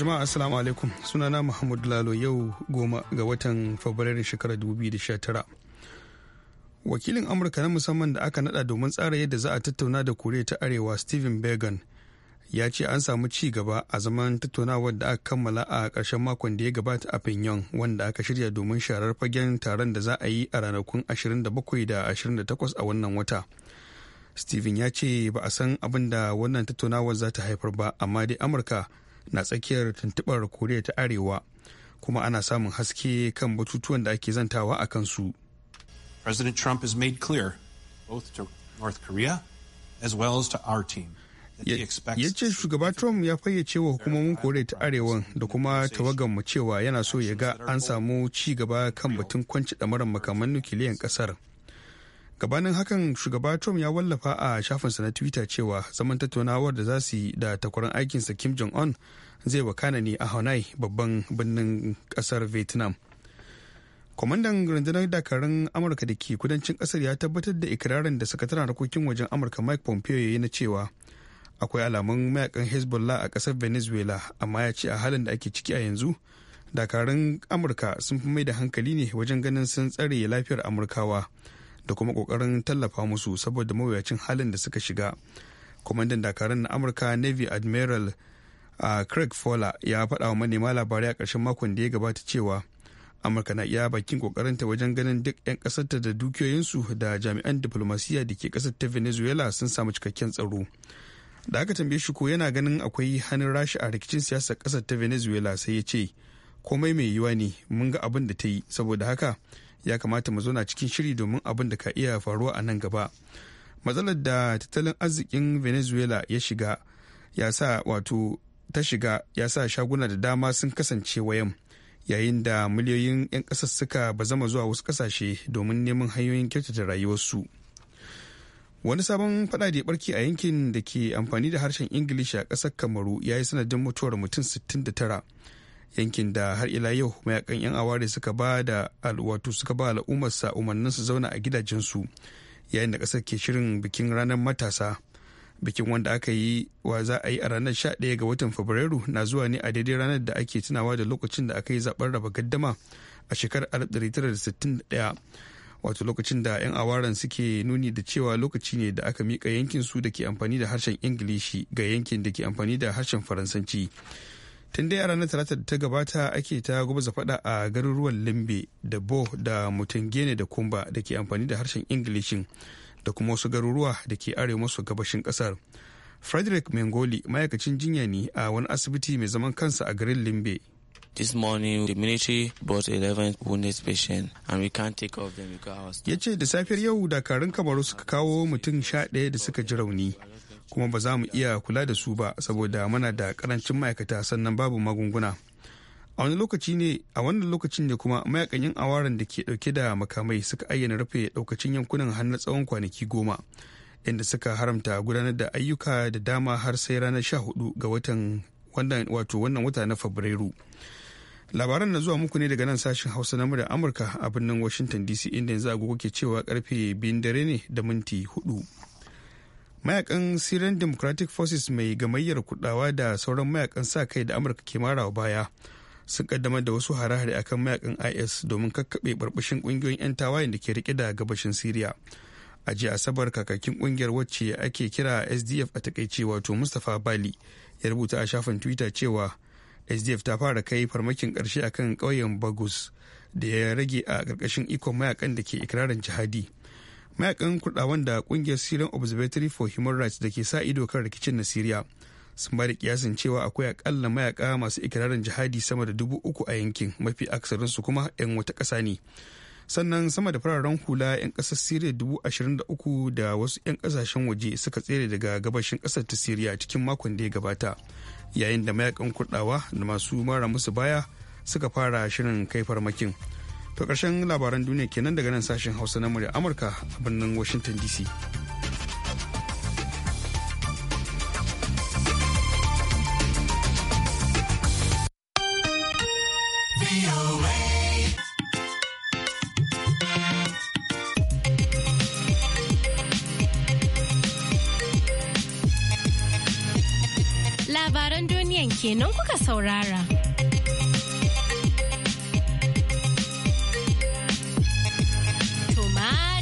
jama'a assalamu alaikum sunana muhammadu lalo yau goma ga watan fabrairun shekarar 2019 wakilin amurka na musamman da aka nada domin tsara yadda za a tattauna da koriya ta arewa steven bergen ya ce an samu ci gaba a zaman tattaunawar da aka kammala a ƙarshen makon da ya gabata a Pyongyang wanda aka shirya domin sharar fagen taron da za a yi a ranakun 27 da 28 a wannan wata. Steven ya ce ba a san abin da wannan tattaunawar za ta haifar ba amma dai Amurka na tsakiyar tuntubar koriya ta arewa kuma ana samun haske kan batutuwan da ake zantawa a kansu president trump has made clear both to north to our team ya ce shugaba trump ya fayyace wa hukumomin koriya ta arewan da kuma mu cewa yana so ya ga an samu ci gaba kan batun kwanci damarar makaman nukiliyan kasar gabanin hakan shugaba trump ya wallafa a shafinsa na twitter cewa zaman tattaunawar da za su yi da takwarar aikinsa kim jong-un zai wakana ne a hanoi babban birnin kasar vietnam kwamandan rundunar dakarun amurka da ke kudancin kasar ya tabbatar da ikirarin da sakataren harkokin wajen amurka mike pompeo ya yi na cewa akwai alamun mayakan hezbollah a kasar venezuela amma ya ce a halin da ake ciki a yanzu dakarun amurka sun fi mai da hankali ne wajen ganin sun tsare lafiyar amurkawa da kuma kokarin tallafa musu saboda mawuyacin halin da suka shiga kwamandan dakarun na amurka navy admiral uh, craig fowler ya faɗa wa manema labarai a ƙarshen makon da ya gabata cewa amurka na iya bakin kokarinta wajen ganin duk 'yan ƙasarta da dukiyoyinsu da jami'an diplomasiya da ke ƙasar ta venezuela sun samu cikakken tsaro da aka tambaye shi ko yana ganin akwai hannun rashi a rikicin siyasar ƙasar ta venezuela sai ya ce komai mai yiwa ne mun ga abin da ta yi saboda haka ya kamata mu zauna cikin shiri domin abin da ka iya faruwa a nan gaba matsalar da tattalin arzikin venezuela ya shiga ya sa wato ta shiga ya sa shaguna da dama sun kasance wayan yayin da miliyoyin 'yan ƙasar suka zama zuwa wasu ƙasashe domin neman hanyoyin kyautata rayuwarsu wani sabon fada da ya barki a yankin da ke amfani da harshen ingilishi a ƙasar kamaru ya yi sanadin mutuwar mutum 69 yankin da har ila yau mayakan 'yan aware suka ba da alwatu suka ba sa umarnin su zauna a su yayin da kasar ke shirin bikin ranar matasa bikin wanda aka yi wa za a yi a ranar 11 ga watan fabrairu na zuwa ne a daidai ranar da ake tunawa da lokacin da aka yi zaben raba gaddama a shekarar 1961 wato lokacin da 'yan awaran suke nuni da cewa lokaci ne da aka miƙa yankin su da ke amfani da harshen ingilishi ga yankin da ke amfani da harshen faransanci tun dai a ranar talata da ta gabata ake ta za fada a garuruwan limbe da bo da mutungene da kumba da ke amfani da harshen ingilishin da kuma wasu garuruwa da ke arewa masu gabashin kasar frederick mengoli ma'aikacin jinya ne a wani asibiti mai zaman kansa a garin limbe This morning the military brought 11 wounded patients and we can't take off them Ya ce da safiyar yau dakarun kamaru suka kawo mutum sha ɗaya da suka ji rauni kuma ba za mu iya kula da su ba saboda muna da karancin ma'aikata sannan babu magunguna a wani lokaci ne a wannan lokacin ne kuma mayakan yan awaran da ke dauke da makamai suka ayyana rufe daukacin yankunan har na tsawon kwanaki goma inda suka haramta gudanar da ayyuka da dama har sai ranar sha hudu ga watan wannan wato wannan wata na fabrairu labaran na zuwa muku ne daga nan sashen hausa na murya amurka a birnin washington dc inda yanzu agogo ke cewa karfe biyun dare ne da minti hudu mayakan syrian democratic forces mai gamayyar kudawa da sauran mayakan sa kai da amurka ke marawa baya sun kaddama da wasu hare-hare akan mayakan is domin kakkaɓe barbashin ƙungiyoyin 'yan tawayen da ke rike da gabashin syria a jiya asabar kakakin ƙungiyar wacce ake kira sdf a takaice wato mustapha bali ya rubuta a shafin twitter cewa sdf ta fara kai farmakin ƙarshe akan ƙauyen bagus da ya rage a ƙarƙashin ikon mayakan da ke ikirarin jihadi mayakan kurdawan da kungiyar syrian observatory for human rights da ke sa ido kan rikicin na syria sun bada kiyasin cewa akwai akalla mayaka masu ikirarin jihadi sama da dubu uku a yankin mafi aksarinsu kuma 'yan wata kasa ne sannan sama da fararen hula 'yan ƙasar syria dubu ashirin da uku da wasu 'yan ƙasashen waje suka tsere daga gabashin ƙasar ta siriya cikin makon da ya gabata yayin da mayakan kurdawa da masu mara musu baya suka fara shirin kai farmakin To ƙarshen labaran duniya kenan daga nan sashen Hausa na murya Amurka a birnin Washington DC. Labaran duniyan kenan kuka saurara.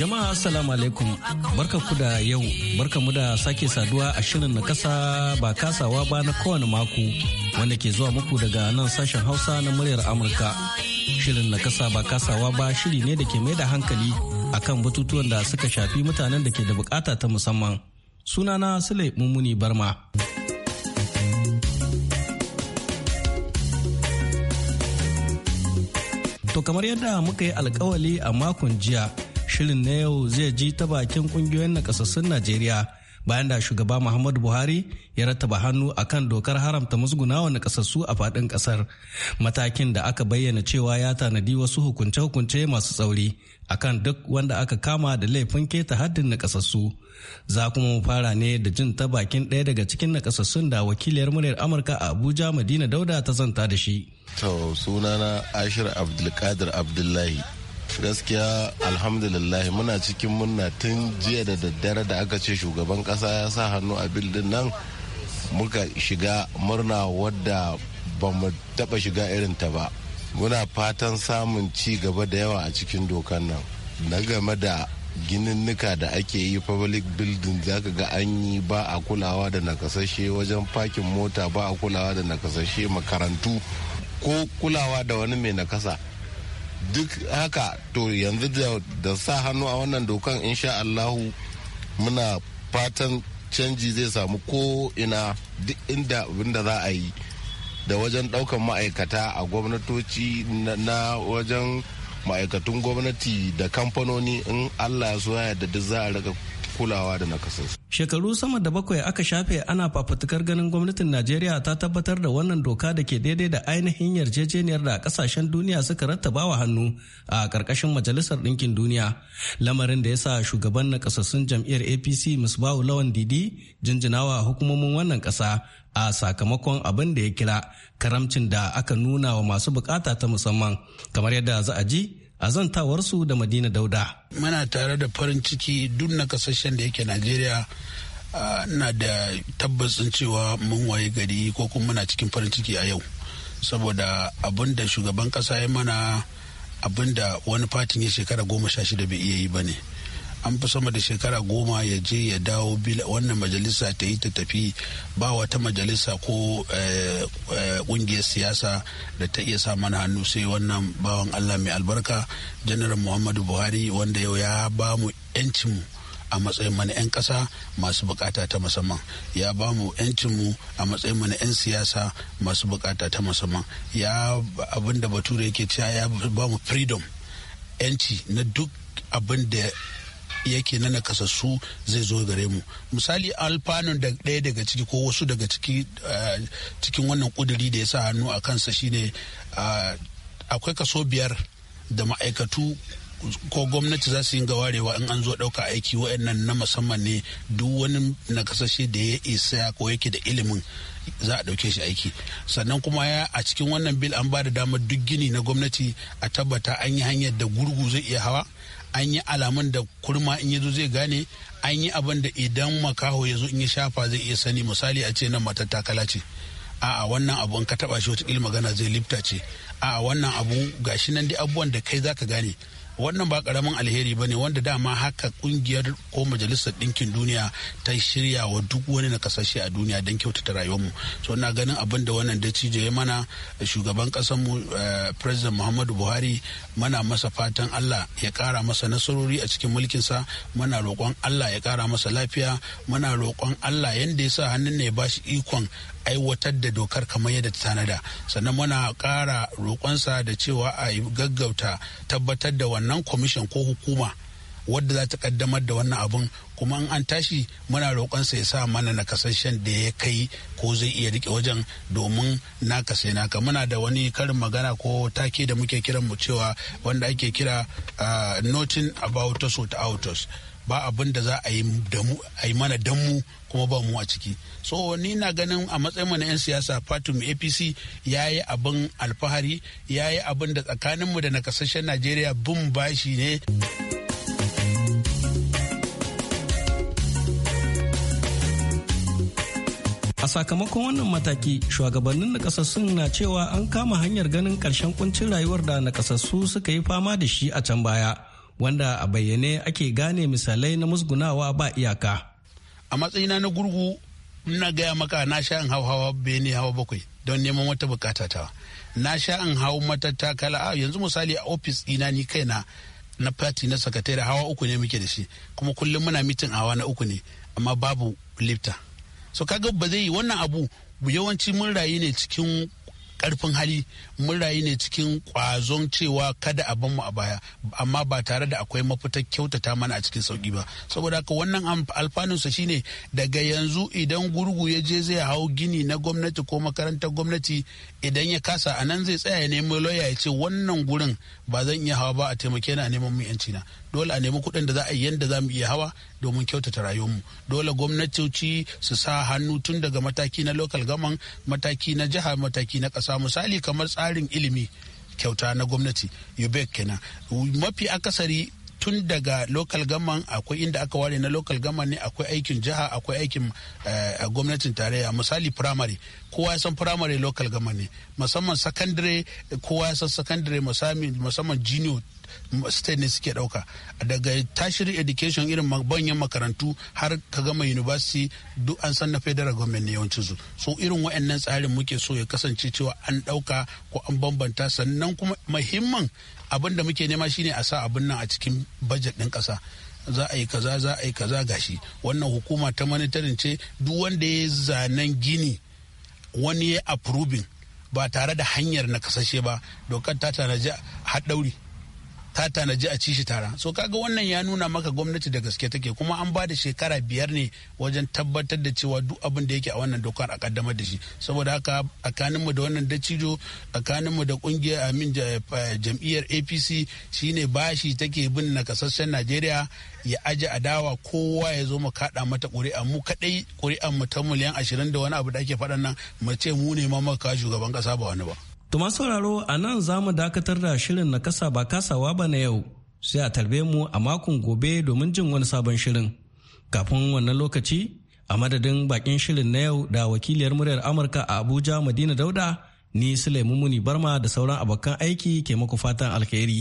Jama'a assalamu alaikum barka ku da yau barka mu da sake saduwa a shirin na kasa ba kasawa ba na kowane mako wanda ke zuwa muku daga nan sashen hausa na muryar Amurka. Shirin na kasa ba kasawa ba shiri ne da ke mai da hankali akan batutuwan da suka shafi mutanen da ke da bukata ta musamman. Sunana Sule Mummuni Barma. To kamar yadda muka yi alkawali a makon jiya shirin na yau zai ji ta bakin kungiyoyin nakasassun Najeriya bayan da shugaba Muhammadu Buhari ya rataba hannu akan dokar haramta musgunawa nakasassu a faɗin ƙasar. Matakin da aka bayyana cewa ya tanadi wasu hukunce-hukunce masu tsauri akan duk wanda aka kama da laifin keta haddin nakasassu. Za kuma mu fara ne da jin ta bakin ɗaya daga cikin nakasassun da wakiliyar muryar Amurka a Abuja Madina Dauda ta zanta da shi. To sunana Ashir Abdulkadir Abdullahi. gaskiya alhamdulillah muna cikin murna tun jiya da daddare da aka ce shugaban kasa ya sa hannu a bildin nan muka shiga murna wadda ba mu taba shiga irin ta ba muna fatan samun ci gaba da yawa a cikin dokan nan na game da gininnika da ake yi public building za ka ga an yi ba a kulawa da nakasashe wajen fakin mota ba a kulawa da nakasashe makarantu ko kulawa da wani mai nakasa duk haka to yanzu da sa hannu a wannan dokan insha allahu muna fatan canji zai samu ko ina duk inda abinda za a yi da wajen daukan ma'aikata a gwamnatoci na wajen ma'aikatun gwamnati da kamfanoni in allah ya so ya da duk za a rika kulawa da nakasarsu Shekaru sama da bakwai aka shafe ana fafutukar ganin gwamnatin Najeriya ta tabbatar da wannan doka da ke daidai da ainihin yarjejeniyar da kasashen duniya suka rattaba wa hannu a ƙarƙashin Majalisar Ɗinkin Duniya. Lamarin da ya sa shugaban na kasassun jam'iyyar APC Musbahu Lawan Didi jinjinawa hukumomin wannan ƙasa a sakamakon abin da ya kira karamcin da aka nuna wa masu bukata ta musamman kamar yadda za a ji a zantawarsu da madina dauda muna tare da farin ciki duk na kasashen da yake najeriya na da tabbacin cewa mun waye gari ko kuma muna cikin farin ciki a yau saboda abin da shugaban kasa ya mana abin da wani fatin ya shekara goma sha shida bai iya yi ba ne an fi sama da shekara goma ya je ya dawo wannan majalisa ta yi ta tafi ba wata majalisa ko kungiyar eh, eh, siyasa da ta iya sa mana hannu sai wannan bawan allah mai albarka janaral muhammadu buhari wanda yau ya ba mu 'yancinmu a matsayin mana 'yan ƙasa masu bukata ta musamman ya ba mu 'yancinmu a matsayin mana 'yan siyasa masu bukata ta musamman ya abin da bature yake cewa ya ba mu freedom 'yanci na duk abinda. yake na nakasassu zai zo gare mu misali alfanun da ɗaya daga ciki ko wasu daga ciki eh, cikin wannan kuduri da ya sa hannu a kansa shine eh, akwai kaso biyar da ma'aikatu ko gwamnati za su yi gawarewa in an zo ɗauka aiki wa'annan na musamman ne duk wani nakasashe da ya isa ko yake da ilimin za a ɗauke shi aiki sannan kuma ya a cikin wannan bil an ba da damar duk gini na gwamnati a tabbata an yi hanyar da gurgu zai iya hawa an yi alamun da kurma in yazo zai gane an yi abin da idan makaho ya zo in ya shafa zai iya sani misali a ce nan matattakala ce a'a wannan abu ka taba shi wata magana zai lifta ce a'a wannan abu gashi nan dai abubuwan da kai zaka gane wannan ba karamin alheri ba ne wanda dama haka kungiyar ko majalisar ɗinkin duniya ta shirya wa duk wani na kasashe a duniya don kyautata rayuwarmu so na ganin abin da wannan dattijo ya mana eh, shugaban mu eh, president muhammadu buhari mana masa fatan allah ya kara masa nasarori a cikin mulkin sa mana roƙon allah ya kara masa lafiya mana roƙon allah yanda ya sa hannun ne ya bashi ikon aiwatar da dokar kamar yadda ta tanada sannan muna ƙara roƙonsa da cewa a yi gaggauta tabbatar da wannan kwamishin ko hukuma wadda za ta kaddamar da wannan abun kuma an tashi muna sa ya sa mana nakasashen da ya kai ko zai iya rike wajen domin na sai naka muna da wani karin magana ko take da muke kiran mu cewa wanda ake kira notin about us without us ba abin da za a yi mana dan mu kuma ba mu a ciki so ni na ganin a matsayin na 'yan siyasa fatim apc ya yi abin alfahari ya yi abin da tsakaninmu da nakasashen najeriya bin bashi ne. sakamakon wannan mataki shugabannin nakasassun na cewa an kama hanyar ganin karshen kuncin rayuwar da nakasassu suka yi fama da shi a can baya wanda a bayyane ake gane misalai na musgunawa ba iyaka a matsayina na gurgu na gaya maka na sha in hau hawa bene hawa bakwai don neman wata bukata ta na sha in hau matattakala yanzu misali a ofis ina ni kaina na fati na sakatare hawa uku ne muke da shi kuma kullum muna mitin hawa na uku ne amma babu lifta so kaga ba zai yi wannan abu yawanci mun rayu ne cikin karfin hali mun rayu ne cikin kwazon cewa kada a mu a baya amma ba tare da akwai mafita kyautata mana a cikin sauki ba saboda haka wannan alfanunsa shine daga yanzu idan gurgu ya je zai hau gini na gwamnati ko makarantar gwamnati idan ya kasa a nan zai tsaya ya nemi lauya ya ce wannan gurin ba zan iya hawa ba a taimake na neman mu yanci na dole a nemi kuɗin da za a yi yadda za mu iya hawa domin kyautata rayuwarmu dole gwamnatoci su sa hannu tun daga mataki na local gaman mataki na jiha mataki na ƙasa misali kamar tsarin ilimi kyauta na gwamnati ubek kenan mafi akasari tun daga local gaman akwai inda aka ware na local gaman ne akwai aikin jiha akwai aikin eh, gwamnatin tarayya misali primary kowa ya san primary local gaman ne musamman secondary kowa ya san secondary musamman junior state ne suke dauka daga tashiri education irin banyan makarantu har ka gama university duk an san na federal government ne yawancin su so irin wa'annan tsarin muke so ya kasance cewa an dauka ko an bambanta sannan kuma mahimman. abin da muke nema shine a sa abin nan a cikin budget din kasa za a yi kaza za a yi kaza gashi wannan hukuma ta manitarin ce duk wanda ya zanen gini wani ya approving ba tare da hanyar na kasashe ba dokar ta tanaji haɗauri ta tanaji a ci shi tara so kaga wannan ya nuna maka gwamnati da gaske take kuma an ba da shekara biyar ne wajen tabbatar da cewa duk abin da yake a wannan dokar a kaddamar da shi saboda haka tsakanin mu da wannan dacijo tsakanin da kungiyar amin eh, jam'iyyar apc shine bashi take bin nakasasshen najeriya ya ajiye adawa kowa ya zo mu kaɗa mata ƙuri'a mu kaɗai ƙuri'an mu ta miliyan ashirin da wani abu da ake faɗan nan mu ce mu ne ma maka shugaban ƙasa ba wani ba. Tuma sauraro a nan za mu dakatar da shirin na kasa ba kasawa ba na yau sai a tarbe mu a makon gobe domin jin wani sabon shirin. Kafin wannan lokaci a madadin bakin shirin na yau da wakiliyar muryar Amurka a Abuja Madina Dauda ni Sulaimu Muni Barma da sauran abokan aiki ke muku fatan alheri.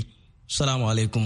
Salamu alaikum.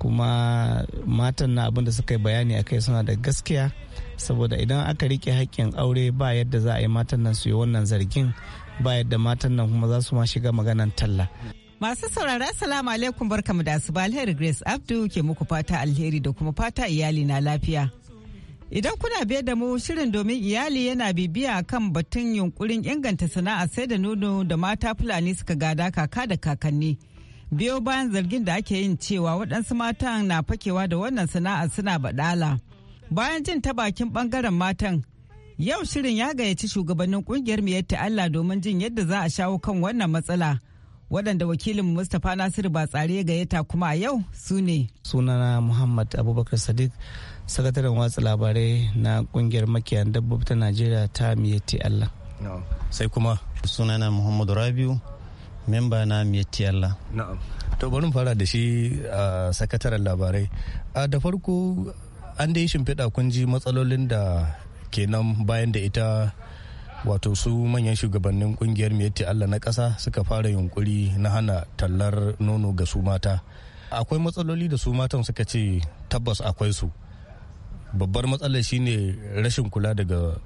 kuma matan na abinda suka yi bayani a kai suna da gaskiya saboda idan aka rike haƙƙin aure ba yadda za a yi matan nan su yi wannan zargin ba yadda matan nan kuma za su ma shiga maganan talla Masu saurara salamu alaikum barkamu da su alheri Grace Abdu ke muku fata alheri da kuma fata iyali na lafiya. Idan kuna biye da mu shirin domin iyali yana bibiya kan batun yunkurin inganta sana'a sai da nono da mata Fulani suka gada kaka da kakanni. biyo bayan zargin da ake yin cewa waɗansu matan na fakewa da wannan sana'a suna baɗala. Bayan jin ta bakin bangaren matan, yau shirin ya gayyaci shugabannin ƙungiyar miyar Allah domin jin yadda za a shawo kan wannan matsala. waɗanda wakilin Mustapha Nasiru Batsari ya gayyata kuma a yau su ne. Sunana Muhammad Abubakar Sadiq, sakataren watsa labarai na kungiyar makiyan dabbobi ta Najeriya ta miyati Allah. Sai kuma sunana Muhammadu Rabiu, memba na miyatti Allah. Na'am. To bari mu fara da shi a sakataren labarai. A da farko an dai shimfiɗa kun ji matsalolin da kenan bayan da ita wato su manyan shugabannin kungiyar miyatti Allah na ƙasa suka fara yunkuri na hana tallar nono ga su mata. Akwai matsaloli da su matan suka ce tabbas akwai su. Babbar matsalar shine rashin kula daga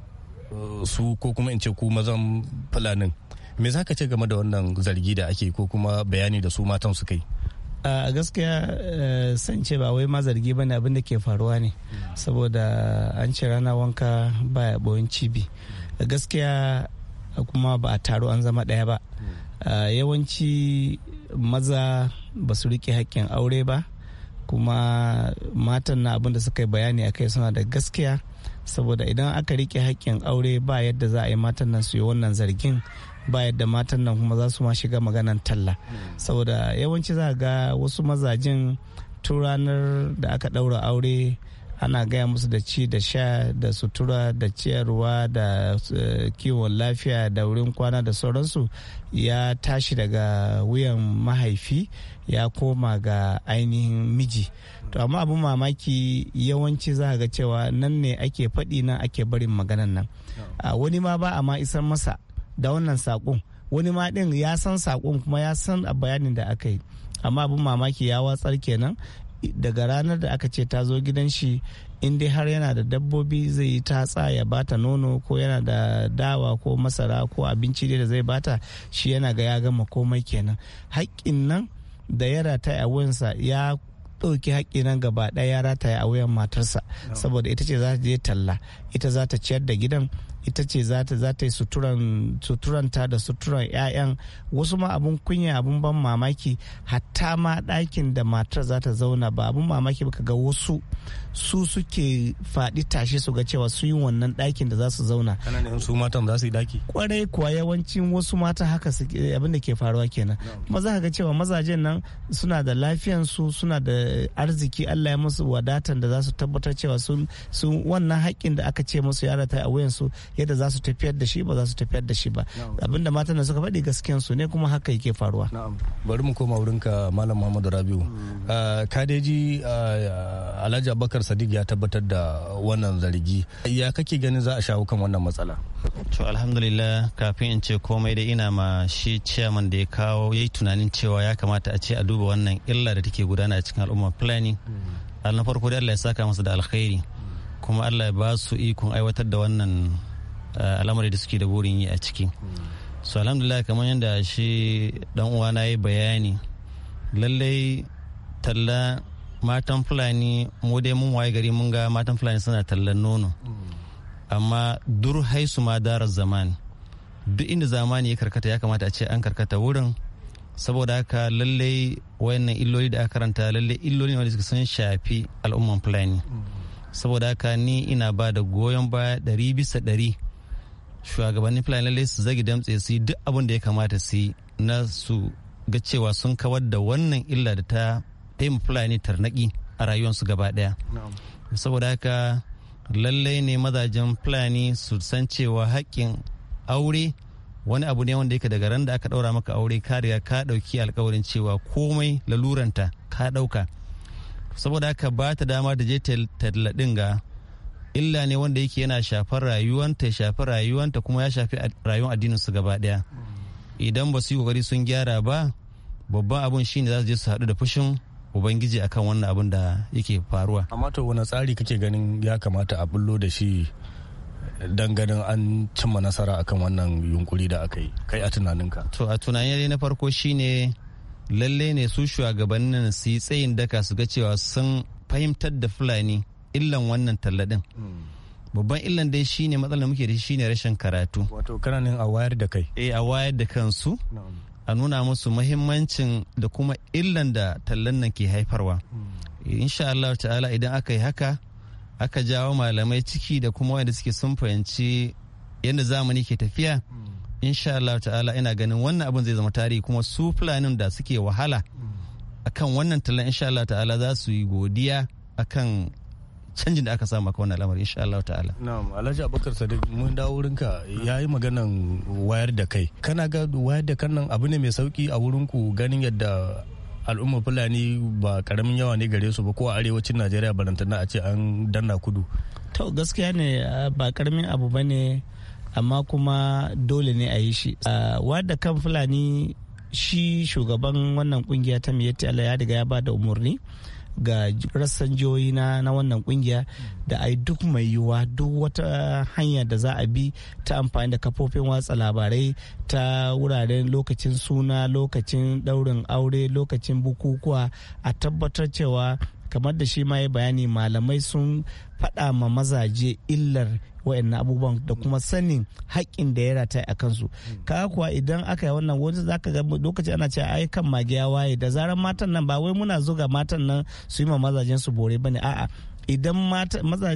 uh, su ko kuma in ce ku mazan fulanin. me za ka ce game da wannan zargi da ake ko kuma bayani da su matan su kai a gaskiya eh, san ce ba wai ma zargi ba ne abin da ke faruwa ne saboda an ce rana wanka ba ya boyin cibi gaskiya kuma ba a taro an zama ɗaya ba yawanci maza ba su rike haƙƙin aure ba kuma matan na abinda suka yi bayani a kai suna da gaskiya saboda idan aka rike haƙƙin aure ba yadda za a yi matan nan su yi wannan zargin ba yadda matan nan kuma za su ma shiga maganan talla saboda yawanci za ga wasu mazajin tun da aka ɗaura aure ana gaya musu da ci da sha da sutura da ciyarwa da eh, kiwon lafiya da wurin kwana da sauransu ya tashi daga wuyan mahaifi ya koma ga ainihin miji to amma abin mamaki yawanci za ga cewa nan ne ake faɗi nan ake barin maganan nan wani ma ba a ma isar masa da wannan sakon wani ma din ya san sakon kuma ya san a bayanin da aka yi amma abin mamaki ya watsar kenan daga ranar da aka ce ta zo gidan shi in dai har yana da dabbobi zai yi tatsa ya bata nono ko yana da dawa ko masara ko abinci da zai bata shi yana ga ya gama komai kenan haƙƙin nan da ya rata a wuyansa ya ɗauki haƙƙi nan gaba ɗaya ya rataya a wuyan matarsa saboda ita ce za ta je talla ita za ta ciyar da gidan ita ce za ta yi suturanta da suturan 'ya'yan wasu ma abun kunya abun ban mamaki hatta ma ɗakin da matar za ta zauna ba abun mamaki ba ga wasu su suke faɗi tashe su ga cewa su yi wannan ɗakin da za su zauna su matan za su yi kwarai kuwa yawancin wasu mata haka abin da ke faruwa kenan kuma za ka ga cewa mazajen nan suna da lafiyansu suna da arziki allah ya musu wadatan da za su tabbatar cewa sun wannan haƙƙin da aka ce musu ya rata a wuyansu yadda za su tafiyar da shi ba za su tafiyar da shi ba abinda matan da suka faɗi gaskiyan su ne kuma haka yake faruwa bari mu koma wurinka malam muhammadu rabiu hmm. ah, kadeji ah, alhaji abubakar sadiq ya tabbatar da wannan zargi ya kake ganin za a shawo kan wannan matsala to alhamdulillah kafin in ce komai da ina ma shi ciyaman da ya kawo yayi tunanin cewa ya kamata a ce a duba wannan illa da take gudana a cikin al'umma planning hmm. na farko dai Allah ya saka masa da alkhairi hmm. kuma Allah ya ba su ikon aiwatar da wannan Eh, al'amari da suke da burin yi a ciki so alhamdulillah kamar yadda shi dan uwana ya bayani lallai talla matan fulani mu dai mun waye gari mun ga matan fulani suna tallan nono amma dur haisu ma darar zamani duk inda zamani ya karkata ya kamata a ce an karkata wurin saboda haka lallai wayannan illoli da aka karanta lallai illoli ne wanda sun shafi al'umman fulani saboda haka ni ina ba da goyon baya ɗari bisa ɗari shugabannin fulani lalle su zagi damtse su duk abin da ya kamata su na su ga cewa sun kawar da wannan illa da ta taimaka fulani tarnaki a rayuwarsu gaba daya saboda haka lallai ne mazajen fulani su san cewa haƙƙin aure wani abu ne wanda yake daga ran da aka ɗaura maka aure ka riga ka ɗauki alkawarin cewa komai laluranta ka ɗauka saboda haka ba ta dama da je tallaɗin ga illa ne wanda yake yana shafar rayuwanta shafi rayuwanta kuma ya shafi rayuwar addinin su gaba daya idan ba su yi kokari sun gyara ba babban abun shine za su je su haɗu da fushin ubangiji akan wannan abun da yake faruwa amma to wani tsari kake ganin ya kamata a bullo da shi dan ganin an cimma nasara akan wannan yunkuri da aka yi kai a tunaninka to a tunanin na farko shine lalle ne su shugabannin su yi tsayin daka su ga cewa sun fahimtar da fulani illan wannan talladin hmm. babban illan dai shine matsalar muke da shi shine rashin karatu wato kananin a wayar da kai eh a wayar da kansu a nuna musu muhimmancin da kuma illan da tallan nan ke haifarwa hmm. insha Allah ta'ala idan aka yi haka aka jawo malamai ciki da kuma wanda suke sun fahimci yadda zamani ke tafiya hmm. insha Allah ta'ala ina ganin wannan abin zai zama tarihi kuma su fulanin da suke wahala akan wannan tallan insha Allah ta'ala za su yi godiya akan canjin da aka samu maka wannan lamarin insha Allah ta'ala na'am Alhaji Abubakar Sadiq mun dawo wurinka yayi maganan wayar da kai kana ga wayar da kan nan abu ne mai sauki a wurin ku ganin yadda al'ummar Fulani ba karamin yawa ne gare su ba ko a arewacin Najeriya barantana a ce an danna kudu to gaskiya ne ba karamin abu bane amma kuma dole ne a yi shi Wayar da kan fulani shi shugaban wannan kungiya ta miyetti Allah ya riga ya ba da umarni ga rassan jihohi na, na wannan kungiya da ai duk mai yiwuwa duk wata hanya da za a bi ta amfani da kafofin watsa labarai ta wuraren lokacin suna lokacin daurin aure lokacin bukukuwa a tabbatar cewa kamar da shi ma ya bayani malamai sun faɗa ma mazaje illar wa'annan abubuwan da kuma sanin haƙƙin da ya rata a kansu kaga kuwa idan aka yi wannan wani za ka ga lokaci ana ce ai kan mage ya waye da zarar matan nan ba wai muna zuga matan nan su yi ma mazajen su bore bane a'a idan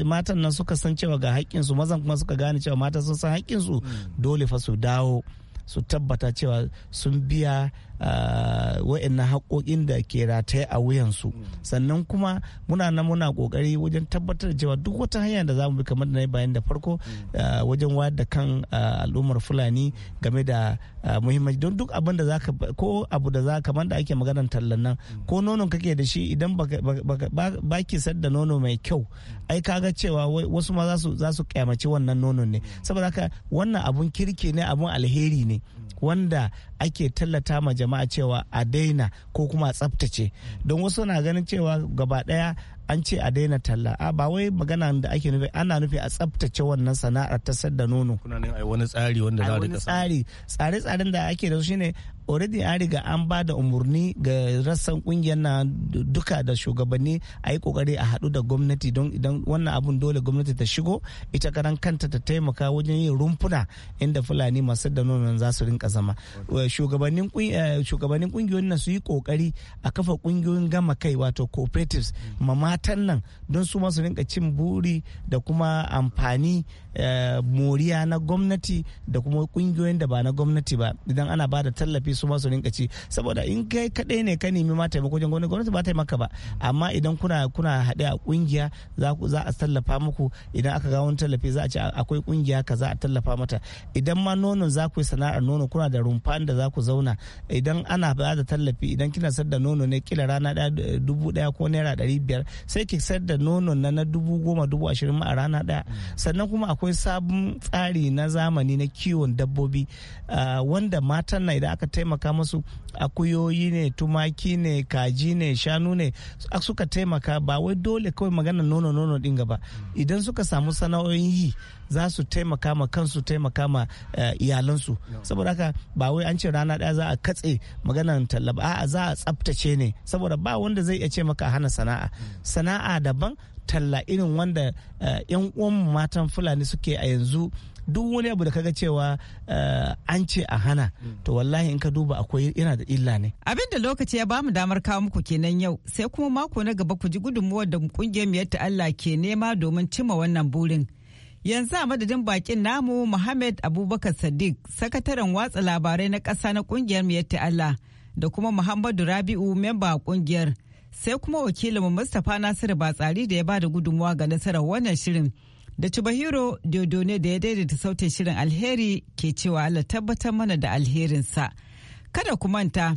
matan nan suka san cewa ga haƙƙinsu mazan kuma suka gane cewa matan sun san su mm. dole fa su dawo su tabbata cewa sun biya Ah, wa'annan haƙoƙin da ke rataye a wuyansu sannan kuma muna nan muna ƙoƙari wajen tabbatar da cewa duk wata hanya da za mu bi kamar da na yi bayan da farko ah, wajen wayar da kan ah, al'ummar fulani game da muhimmanci don duk abin da za ka ko abu da za kamar da ake magana tallan nan ko nonon kake da shi idan ba ki da nono mai kyau ai kaga cewa wasu ma za su kyamaci wannan nono ne saboda haka wannan abun kirki ne abun alheri ne wanda ake tallata ma jama'a cewa a daina ko kuma a tsaftace don wasu na ganin cewa gaba daya an ce a daina talla a ba wai magana da ake nufi ana nufi a tsabtace wannan sana'ar ta sadda nono wani tsari wanda za a rika tsari tsare tsaren da ake da su shine already an riga an ba da umarni ga rassan kungiyar na duka da shugabanni a yi kokari a haɗu da gwamnati don idan wannan abun dole gwamnati ta shigo ita karan kanta ta taimaka wajen yin rumfuna inda fulani masu da nonon za su rinka zama shugabannin kungiyoyin eh, na su yi kokari a kafa kungiyoyin gama kai wato cooperatives mama matan nan don su masu rinka cin buri da kuma amfani eh, moriya na gwamnati da kuma kungiyoyin da ba na gwamnati ba idan ana ba da tallafi su masu rinka ci saboda in kai kaɗai ne ka nemi ma taimako wajen gwamnati ba ta maka ba amma idan kuna kuna haɗe a kungiya za a tallafa muku idan aka ga wani tallafi za a ce akwai kungiya ka za a tallafa mata idan ma nono za ku yi sana'ar nono kuna da rumfan da za ku zauna idan ana ba da tallafi idan kina sayar da nono ne kila rana ɗaya eh, dubu ɗaya ko naira ɗari biyar sai ki sayar da nono na na dubu goma dubu ashirin a rana ɗaya mm. sannan kuma akwai sabon tsari na zamani na kiwon dabbobi ah, wanda matan na idan aka taimaka musu akuyoyi ne tumaki ne kaji ne shanu ne suka taimaka ba wai dole kawai magana nono nono ɗin gaba mm. idan suka samu sana'o'in yi za su taimaka ma kansu taimaka ma eh, iyalansu saboda haka ba wai an ce rana daya za a katse maganan tallaba a'a za a tsaftace ne saboda ba wanda zai iya ce maka hana sana'a mm. sana'a daban talla irin wanda yan eh, uwan matan fulani suke a yanzu duk wani abu da kaga cewa eh, an ce a hana mm. to wallahi in ka duba akwai yana da illa ne abin da lokaci ya bamu damar kawo muku kenan yau sai kuma mako na gaba ku ji gudunmuwar da kungiyar miyar ta Allah ke nema domin cimma wannan burin Yanzu a madadin bakin namu Muhammad Abubakar Sadiq, sakataren watsa labarai na ƙasa na ƙungiyar miyatta Allah da kuma Muhammadu Rabi'u memba ƙungiyar. Sai kuma wakilinmu Mustapha Nasiru Batsari da ya ba da gudunmuwa ga nasarar wannan shirin. Da Cibahiro Diodone da ya daidaita sautin shirin alheri ke cewa Allah tabbatar mana da alherinsa. Kada ku manta.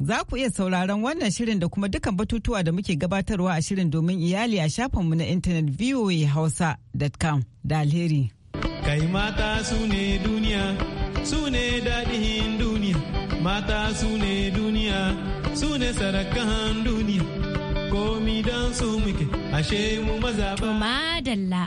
Za ku iya sauraron wannan shirin da kuma dukkan batutuwa da muke gabatarwa a shirin domin iyali a shafinmu na intanet voahausa.com da alheri. Kai mata su ne duniya, su ne daɗin duniya, mata su ne duniya, su ne sarakan duniya, komi don su muke, ashe mu maza ba.